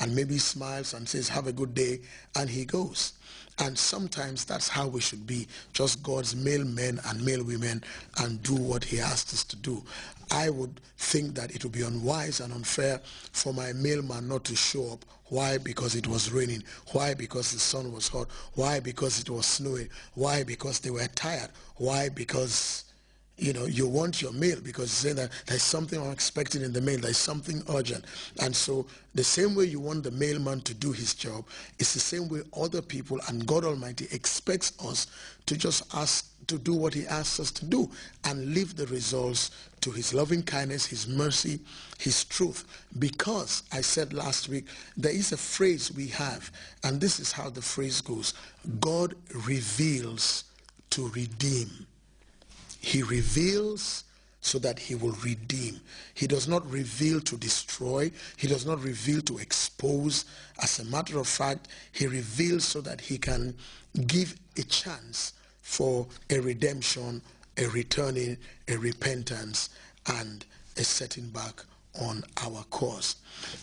and maybe smiles and says, have a good day, and he goes. And sometimes that's how we should be, just God's male men and male women and do what he asked us to do. I would think that it would be unwise and unfair for my male man not to show up. Why? Because it was raining. Why? Because the sun was hot. Why? Because it was snowing. Why? Because they were tired. Why? Because you know, you want your mail because saying that there's something unexpected in the mail, there's something urgent. And so the same way you want the mailman to do his job, it's the same way other people and God Almighty expects us to just ask to do what he asks us to do and leave the results to his loving kindness, his mercy, his truth. Because I said last week, there is a phrase we have, and this is how the phrase goes. God reveals to redeem. He reveals so that he will redeem. He does not reveal to destroy. He does not reveal to expose. As a matter of fact, he reveals so that he can give a chance for a redemption, a returning, a repentance, and a setting back on our course.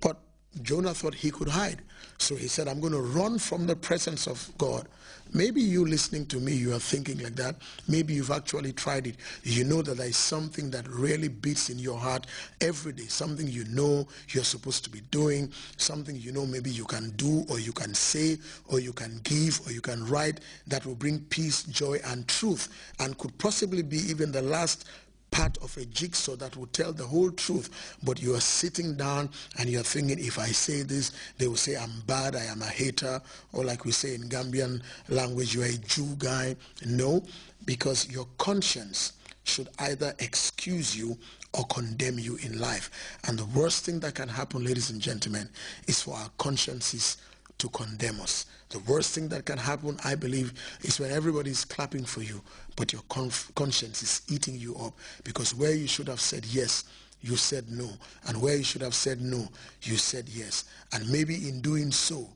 But Jonah thought he could hide. So he said, I'm going to run from the presence of God. Maybe you listening to me, you are thinking like that. Maybe you've actually tried it. You know that there is something that really beats in your heart every day, something you know you're supposed to be doing, something you know maybe you can do or you can say or you can give or you can write that will bring peace, joy, and truth and could possibly be even the last part of a jigsaw that will tell the whole truth, but you are sitting down and you're thinking, if I say this, they will say I'm bad, I am a hater, or like we say in Gambian language, you're a Jew guy. No, because your conscience should either excuse you or condemn you in life. And the worst thing that can happen, ladies and gentlemen, is for our consciences to condemn us. The worst thing that can happen, I believe, is when everybody is clapping for you, but your conscience is eating you up because where you should have said yes, you said no. And where you should have said no, you said yes. And maybe in doing so,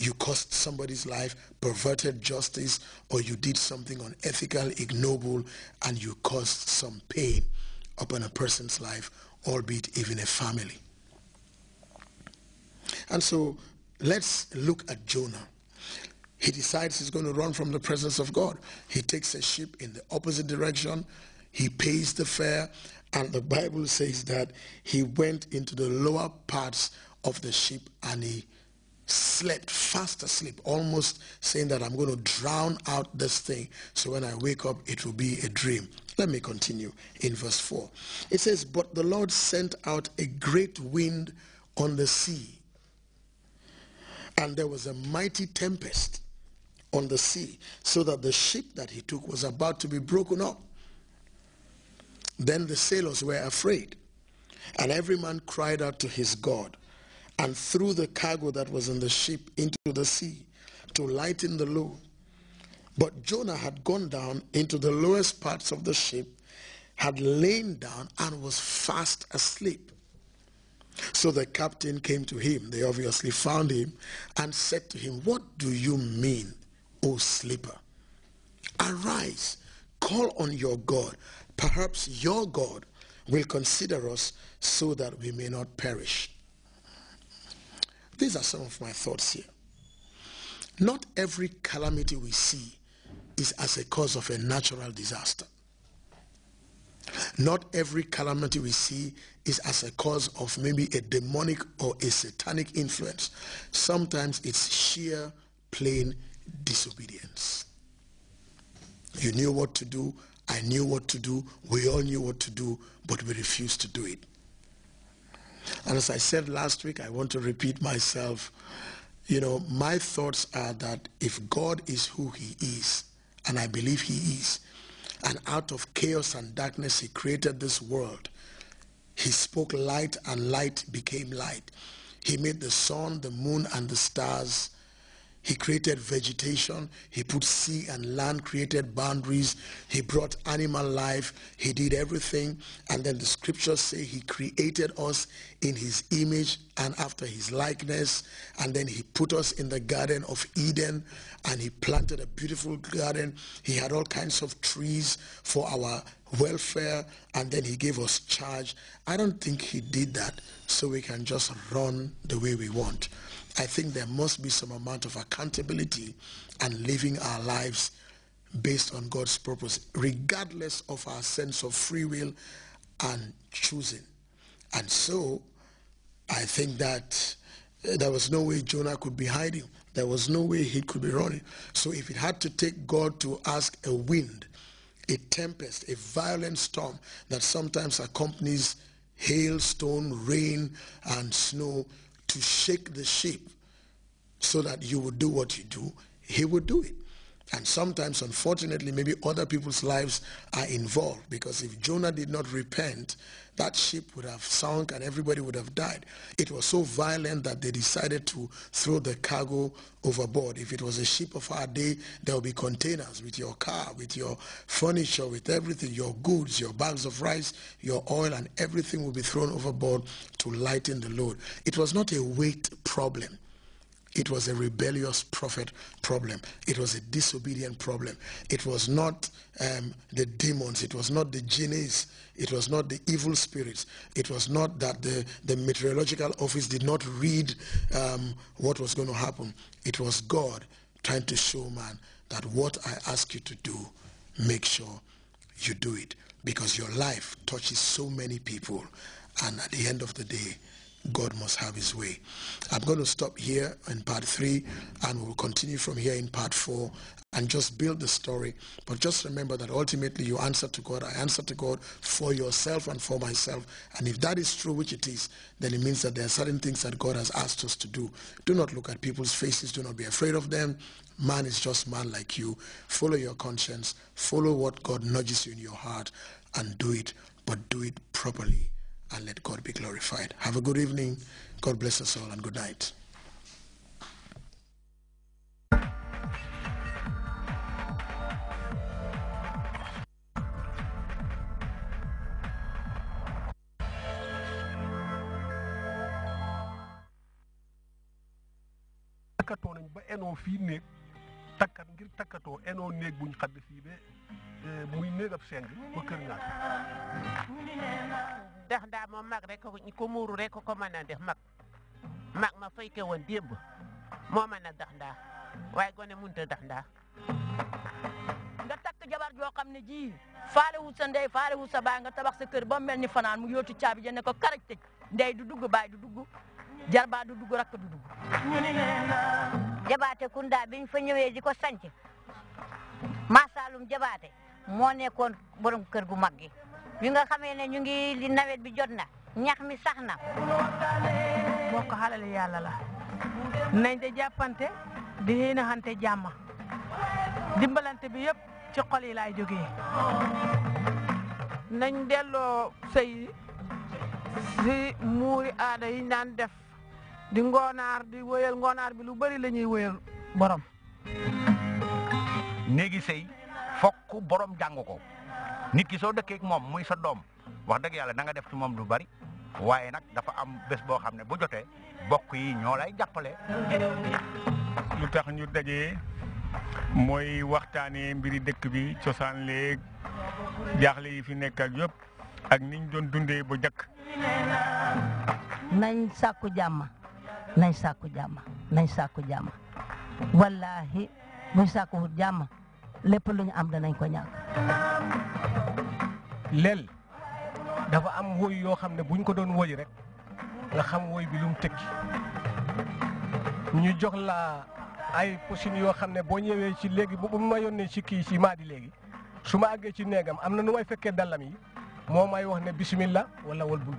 you cost somebody's life, perverted justice, or you did something unethical, ignoble, and you caused some pain upon a person's life, albeit even a family. And so Let's look at Jonah. He decides he's going to run from the presence of God. He takes a ship in the opposite direction. He pays the fare. And the Bible says that he went into the lower parts of the ship and he slept fast asleep, almost saying that I'm going to drown out this thing. So when I wake up, it will be a dream. Let me continue in verse 4. It says, But the Lord sent out a great wind on the sea and there was a mighty tempest on the sea, so that the ship that he took was about to be broken up. Then the sailors were afraid, and every man cried out to his God, and threw the cargo that was in the ship into the sea to lighten the load. But Jonah had gone down into the lowest parts of the ship, had lain down, and was fast asleep. So the captain came to him. They obviously found him and said to him, What do you mean, O sleeper? Arise, call on your God. Perhaps your God will consider us so that we may not perish. These are some of my thoughts here. Not every calamity we see is as a cause of a natural disaster. Not every calamity we see is as a cause of maybe a demonic or a satanic influence. Sometimes it's sheer plain disobedience. You knew what to do. I knew what to do. We all knew what to do, but we refused to do it. And as I said last week, I want to repeat myself. You know, my thoughts are that if God is who he is, and I believe he is, and out of chaos and darkness, he created this world. He spoke light, and light became light. He made the sun, the moon, and the stars he created vegetation. He put sea and land, created boundaries. He brought animal life. He did everything. And then the scriptures say he created us in his image and after his likeness. And then he put us in the Garden of Eden and he planted a beautiful garden. He had all kinds of trees for our welfare. And then he gave us charge. I don't think he did that so we can just run the way we want. I think there must be some amount of accountability and living our lives based on God's purpose, regardless of our sense of free will and choosing. And so I think that eh, there was no way Jonah could be hiding. There was no way he could be running. So if it had to take God to ask a wind, a tempest, a violent storm that sometimes accompanies hailstone, rain, and snow to shake the sheep so that you will do what you do, he will do it. And sometimes, unfortunately, maybe other people's lives are involved because if Jonah did not repent, that ship would have sunk and everybody would have died. It was so violent that they decided to throw the cargo overboard. If it was a ship of our day, there would be containers with your car, with your furniture, with everything, your goods, your bags of rice, your oil, and everything would be thrown overboard to lighten the load. It was not a weight problem. It was a rebellious prophet problem. It was a disobedient problem. It was not um, the demons. It was not the genies. It was not the evil spirits. It was not that the, the meteorological office did not read um, what was going to happen. It was God trying to show man that what I ask you to do, make sure you do it because your life touches so many people and at the end of the day, God must have his way. I'm going to stop here in part three and we'll continue from here in part four and just build the story. But just remember that ultimately you answer to God. I answer to God for yourself and for myself. And if that is true, which it is, then it means that there are certain things that God has asked us to do. Do not look at people's faces. Do not be afraid of them. Man is just man like you. Follow your conscience. Follow what God nudges you in your heart and do it, but do it properly and let God be glorified. Have a good evening. God bless us all and good night. nañ ba néeg takkat ngir takkatoo néeg buñ xadd fii ba eh, muy néeg ab seng ba kër ndax ndaa moom mag rek ko muuru rek ko mën a def mag mag ma fay ke woon démb moo mën a ndax ndaa waaye gone mënut a ndax ndaa nga takk jabar joo xam ne ji faale wu sa ndey faale wu sa baay nga tabax sa kër ba mel ni fanaan mu yóotu caabi ja ko karaj tëj ndey du dugg baay du dugg jarbaa du dugg rakk du dugg jabaate kunda biñ fa ñëwee di ko sanc masalum jabaate moo nekkoon borom kër gu mag bi nga xamee ne ñu ngi li nawet bi jot na ñax mi sax na bokk xalal yàlla la nañ de jàppante di xiinaxante jàmm dimbalante bi yëpp ci kol yi laay jógee nañ delloo sëy si muuri aada yi ñu daan def di ngoonaar di wéyal ngoonaar bi lu bari la ñuy wéyal borom néegi sëy fokk borom jàng ko nit ki soo dëkkeek moom muy sa doom wax dëgg yàlla da def ci moom lu bari waaye nag dafa am bés boo xam ne bu jotee bokk yi ñoo lay jàppale. lu tax ñu dajee mooy waxtaanee mbiri dëkk bi cosaan léeg jaaxle yi fi nekk ak yëpp ak niñ doon dundee bu njëkk. nañ sàkku jàmm nañ sàkku jàmm nañ sàkku jàmm wallaahi buñ sàkkuwut jàmm lépp lu am danañ ko ñàkk. leel dafa am woy yoo xam ne bu buñ ko doon woy rek nga xam woy bi lu mu tekki ñu jox la ay pochine yoo xam ne boo ñëwee ci léegi bu ma yónnee ci kii ci maadi léegi su ma àggee ci néegam am na nu may fekkee dallam yi moo may wax ne bismillah wala wal bul